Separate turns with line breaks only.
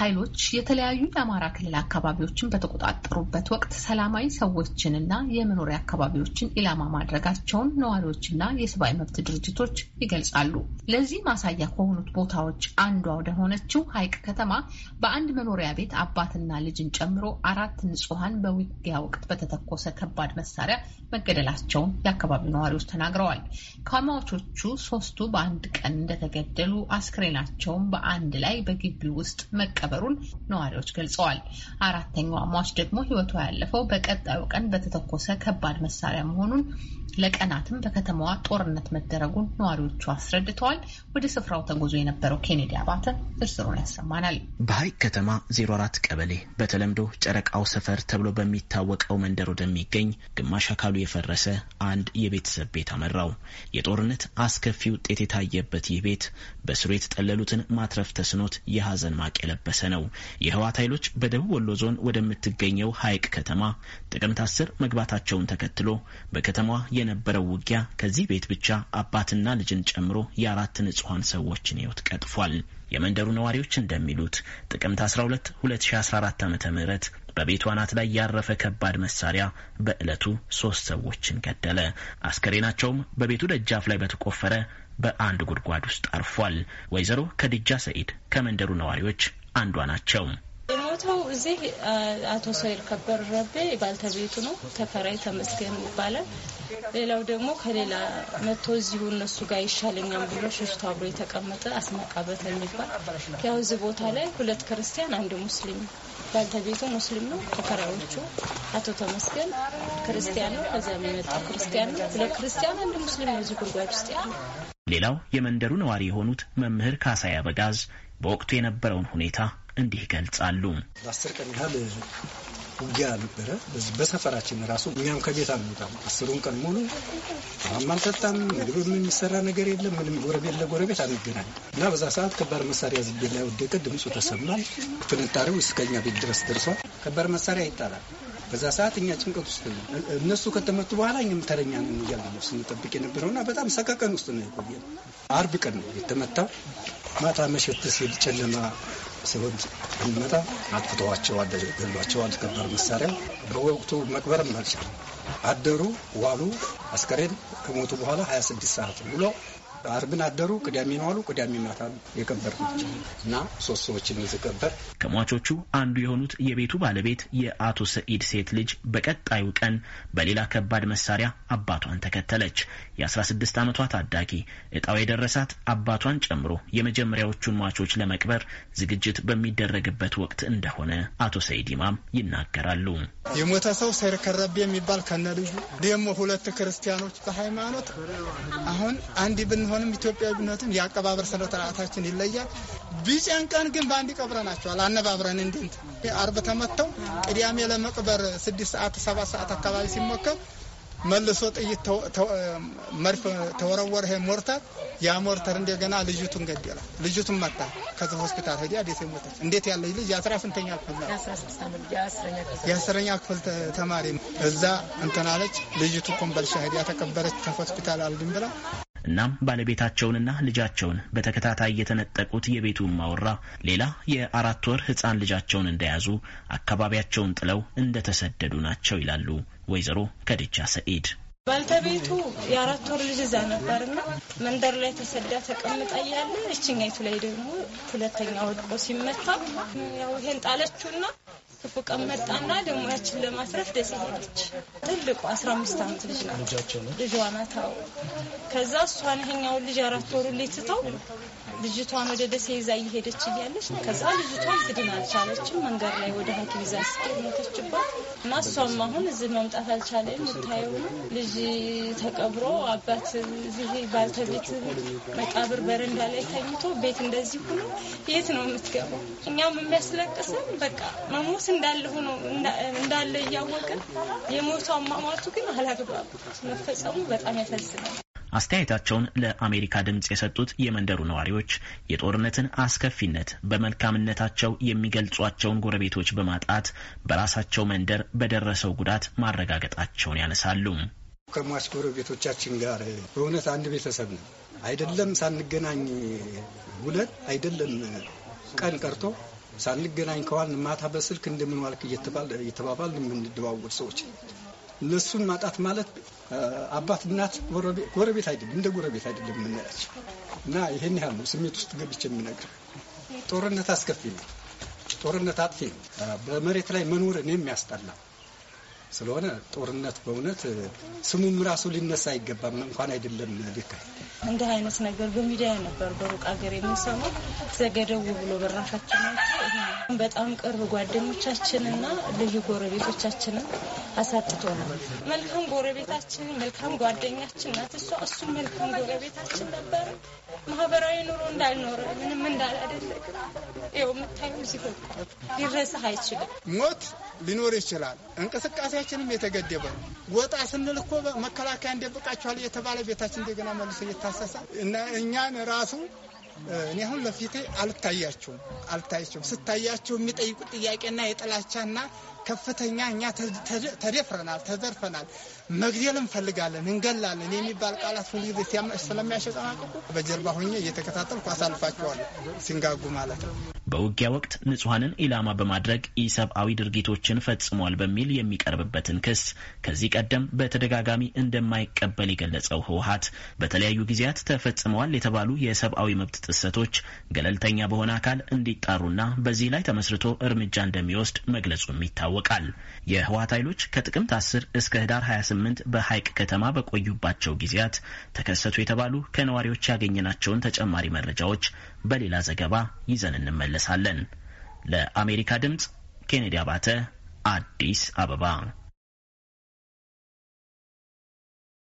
ኃይሎች የተለያዩ የአማራ ክልል አካባቢዎችን በተቆጣጠሩበት ወቅት ሰላማዊ ሰዎችንና የመኖሪያ አካባቢዎችን ኢላማ ማድረጋቸውን ነዋሪዎችና የሰብአዊ መብት ድርጅቶች ይገልጻሉ። ለዚህ ማሳያ ከሆኑት ቦታዎች አንዷ ወደሆነችው ሐይቅ ከተማ በአንድ መኖሪያ ቤት አባትና ልጅን ጨምሮ አራት ንጹሐን በውጊያ ወቅት በተተኮሰ ከባድ መሳሪያ መገደላቸውን የአካባቢው ነዋሪዎች ተናግረዋል። ከሟቾቹ ሶስቱ በአንድ ቀን እንደተገደሉ አስክሬናቸውን በአንድ ላይ በግቢ ውስጥ መቀበል መቀበሩን ነዋሪዎች ገልጸዋል። አራተኛው ሟች ደግሞ ሕይወቷ ያለፈው በቀጣዩ ቀን በተተኮሰ ከባድ መሳሪያ መሆኑን ለቀናትም በከተማዋ ጦርነት መደረጉን ነዋሪዎቹ አስረድተዋል። ወደ ስፍራው ተጉዞ የነበረው ኬኔዲ አባተ ዝርዝሩን ያሰማናል። በሀይቅ ከተማ 04 ቀበሌ በተለምዶ ጨረቃው ሰፈር ተብሎ በሚታወቀው መንደር ወደሚገኝ ግማሽ አካሉ የፈረሰ አንድ የቤተሰብ ቤት አመራው። የጦርነት አስከፊ ውጤት የታየበት ይህ ቤት በስሩ የተጠለሉትን ማትረፍ ተስኖት የሀዘን ማቅ የለበሰ እየደረሰ ነው። የህወሓት ኃይሎች በደቡብ ወሎ ዞን ወደምትገኘው ሀይቅ ከተማ ጥቅምት አስር መግባታቸውን ተከትሎ በከተማዋ የነበረው ውጊያ ከዚህ ቤት ብቻ አባትና ልጅን ጨምሮ የአራት ንጹሐን ሰዎችን ህይወት ቀጥፏል። የመንደሩ ነዋሪዎች እንደሚሉት ጥቅምት 12 2014 ዓ ም በቤቱ አናት ላይ ያረፈ ከባድ መሳሪያ በዕለቱ ሶስት ሰዎችን ገደለ። አስከሬናቸውም በቤቱ ደጃፍ ላይ በተቆፈረ በአንድ ጉድጓድ ውስጥ አርፏል። ወይዘሮ ከድጃ ሰኢድ ከመንደሩ ነዋሪዎች አንዷ ናቸው።
የሞተው እዚህ አቶ ሰይድ ከበር ረቤ ባልተቤቱ ነው። ተከራይ ተመስገን ይባላል። ሌላው ደግሞ ከሌላ መጥቶ እዚሁ እነሱ ጋር ይሻለኛም ብሎ ሸሽቶ አብሮ የተቀመጠ አስመቃበት የሚባል ያው እዚህ ቦታ ላይ ሁለት ክርስቲያን፣ አንድ ሙስሊም ባልተቤቱ ሙስሊም ነው። ተከራዮቹ አቶ ተመስገን ክርስቲያን ነው። ከዚያም የመጣው ክርስቲያን ነው። ሁለት ክርስቲያን፣ አንድ ሙስሊም ነው እዚህ ጉድጓድ ውስጥ ያለ።
ሌላው የመንደሩ ነዋሪ የሆኑት መምህር ካሳያ በጋዝ በወቅቱ የነበረውን ሁኔታ እንዲህ ይገልጻሉ።
አስር ቀን ያህል ውጊያ ነበረ። በሰፈራችን ራሱ እኛም ከቤት አንወጣም። አስሩን ቀን ሙሉ ውሃም አልጠጣም። ምግብ የሚሰራ ነገር የለም። ምንም ጎረቤት ለጎረቤት አንገናኝ እና በዛ ሰዓት ከባድ መሳሪያ ዝቤ ላይ ወደቀ። ድምፁ ተሰማል። ፍንጣሪው እስከኛ ቤት ድረስ ደርሷል። ከባድ መሳሪያ ይጣላል። በዛ ሰዓት እኛ ጭንቀት ውስጥ ነው። እነሱ ከተመቱ በኋላ እኛም ተረኛ ነን እያሉ ነው ስንጠብቅ የነበረውና በጣም ሰቀቀን ውስጥ ነው የቆየ። አርብ ቀን ነው የተመታው። ማታ መሸት ሲል ጨለማ ሲሆን እንመጣ አጥፍተዋቸዋል፣ ገሏቸዋል። አልከበር መሳሪያ በወቅቱ መቅበርም አልቻለም። አደሩ ዋሉ። አስከሬን ከሞቱ በኋላ 26 ሰዓት ብሎ አርብን አደሩ፣ ቅዳሜ ዋሉ፣ ቅዳሜ ማታ የቀበር ናቸው እና ሶስት ሰዎች ሰዎችን ይዘቀበር።
ከሟቾቹ አንዱ የሆኑት የቤቱ ባለቤት የአቶ ሰኢድ ሴት ልጅ በቀጣዩ ቀን በሌላ ከባድ መሳሪያ አባቷን ተከተለች። የ16 ዓመቷ ታዳጊ እጣው የደረሳት አባቷን ጨምሮ የመጀመሪያዎቹን ሟቾች ለመቅበር ዝግጅት በሚደረግበት ወቅት እንደሆነ አቶ ሰኢድ ኢማም ይናገራሉ።
የሞተ ሰው ሰርከረቤ የሚባል ከነ ልጁ ደግሞ ሁለት ክርስቲያኖች በሃይማኖት አሁን አንድ ብን ቢሆንም ኢትዮጵያዊነትም የአቀባበር ስነስርዓታችን ይለያል። ቢጨንቀን ግን በአንድ ቀብረናቸዋል። አነባብረን እንድንት አርብ ተመተው ቅዳሜ ለመቅበር ስድስት ሰዓት ሰባት ሰዓት አካባቢ ሲሞከር መልሶ ጥይት መድፍ ተወረወረ። ይሄ ሞርተር ያ ሞርተር እንደገና ልጅቱን ገደለ። ልጅቱን መታ። ከዚ ሆስፒታል ሄዲ አዴት ሞተች። እንዴት ያለች ልጅ የአስራ ስንተኛ ክፍል የአስረኛ ክፍል ተማሪ እዛ እንትናለች። ልጅቱ ኮምበልሻ ሄዲ ተቀበረች። ከሆስፒታል አልድን ብላ
እናም ባለቤታቸውንና ልጃቸውን በተከታታይ የተነጠቁት የቤቱ ማወራ ሌላ የአራት ወር ሕፃን ልጃቸውን እንደያዙ አካባቢያቸውን ጥለው እንደተሰደዱ ናቸው ይላሉ ወይዘሮ ከድቻ ሰኢድ።
ባልተቤቱ የአራት ወር ልጅ እዛ ነበርና መንደር ላይ ተሰዳ ተቀምጣ እያለ እችኛይቱ ላይ ደግሞ ሁለተኛ ወድቆ ሲመታ ያው ይሄን ጣለችውና ፎቅ መጣና ደግሞ ያችን ለማስረፍ ደስ ሄደች። ትልቁ አስራ አምስት አመት ልጅ ናት ልጇ ናት። ከዛ እሷን ይሄኛውን ልጅ አራት ወሩ ሌትተው ልጅቷን ወደ ደሴ ይዛ እየሄደች እያለች ከዛ ልጅቷን ትድን አልቻለችም። መንገድ ላይ ወደ ሐኪም ይዛ ስትሄድ ሞተችባት እና እሷም አሁን እዚህ መምጣት አልቻለ የምታየው ልጅ ተቀብሮ አባት እዚህ ባልተቤት መቃብር በረንዳ ላይ ተኝቶ ቤት እንደዚህ ሁኖ የት ነው የምትገባው? እኛም የሚያስለቅስም በቃ መሞት እንዳለ ሆኖ እንዳለ እያወቅን የሞቱ አሟሟቱ ግን አላግባብ መፈጸሙ በጣም ያሳዝናል።
አስተያየታቸውን ለአሜሪካ ድምፅ የሰጡት የመንደሩ ነዋሪዎች የጦርነትን አስከፊነት በመልካምነታቸው የሚገልጿቸውን ጎረቤቶች በማጣት በራሳቸው መንደር በደረሰው ጉዳት ማረጋገጣቸውን ያነሳሉ።
ከሟች ጎረቤቶቻችን ጋር በእውነት አንድ ቤተሰብ ነው። አይደለም ሳንገናኝ ውለን አይደለም ቀን ቀርቶ ሳንገናኝ ከዋል ማታ በስልክ እንደምን ዋልክ እየተባባል የምንደዋወል ሰዎች እነሱን ማጣት ማለት አባት እናት ጎረቤት አይደለም፣ እንደ ጎረቤት አይደለም የምናያቸው እና ይህን ያህል ነው። ስሜት ውስጥ ገብቼ የምነግር ጦርነት አስከፊ ነው። ጦርነት አጥፊ ነው። በመሬት ላይ መኖርን የሚያስጠላ ስለሆነ ጦርነት በእውነት ስሙም ራሱ ሊነሳ አይገባም። እንኳን አይደለም ልክ
እንዲህ አይነት ነገር በሚዲያ ነበር በሩቅ ሀገር የምንሰማው ዘገደው ብሎ በራሳችን ናቸው በጣም ቅርብ ጓደኞቻችንና ልዩ ጎረቤቶቻችንን አሳጥቶናል። መልካም ጎረቤታችን፣ መልካም ጓደኛችን ናት እሷ። እሱም መልካም ጎረቤታችን ነበር። ማህበራዊ ኑሮ እንዳልኖረ ምንም እንዳላደረግ ው የምታየው እዚህ
ሊረሳህ አይችልም። ሞት ሊኖር ይችላል። እንቅስቃሴያችንም የተገደበ ነው። ወጣ ስንል እኮ መከላከያ እንደብቃችኋል እየተባለ ቤታችን እንደገና መልሶ እየታሰሰ እና እኛን ራሱ እኔ አሁን ለፊቴ አልታያቸውም አልታያቸውም። ስታያቸው የሚጠይቁት ጥያቄና የጥላቻና ከፍተኛ እኛ ተደፍረናል፣ ተዘርፈናል፣ መግደል እንፈልጋለን፣ እንገላለን የሚባል ቃላት ሁሉ ጊዜ ስለሚያሸጠናቅቁ በጀርባ ሆኜ እየተከታተልኩ አሳልፋቸዋለሁ ሲንጋጉ ማለት ነው።
በውጊያ ወቅት ንጹሐንን ኢላማ በማድረግ ኢሰብአዊ ድርጊቶችን ፈጽሟል በሚል የሚቀርብበትን ክስ ከዚህ ቀደም በተደጋጋሚ እንደማይቀበል የገለጸው ህወሀት በተለያዩ ጊዜያት ተፈጽመዋል የተባሉ የሰብአዊ መብት ጥሰቶች ገለልተኛ በሆነ አካል እንዲጣሩና በዚህ ላይ ተመስርቶ እርምጃ እንደሚወስድ መግለጹም ይታወቃል። የህወሀት ኃይሎች ከጥቅምት 10 እስከ ህዳር 28 በሐይቅ ከተማ በቆዩባቸው ጊዜያት ተከሰቱ የተባሉ ከነዋሪዎች ያገኘናቸውን ተጨማሪ መረጃዎች በሌላ ዘገባ ይዘን እንመለስ እንመለሳለን። ለአሜሪካ ድምፅ ኬኔዲ አባተ አዲስ አበባ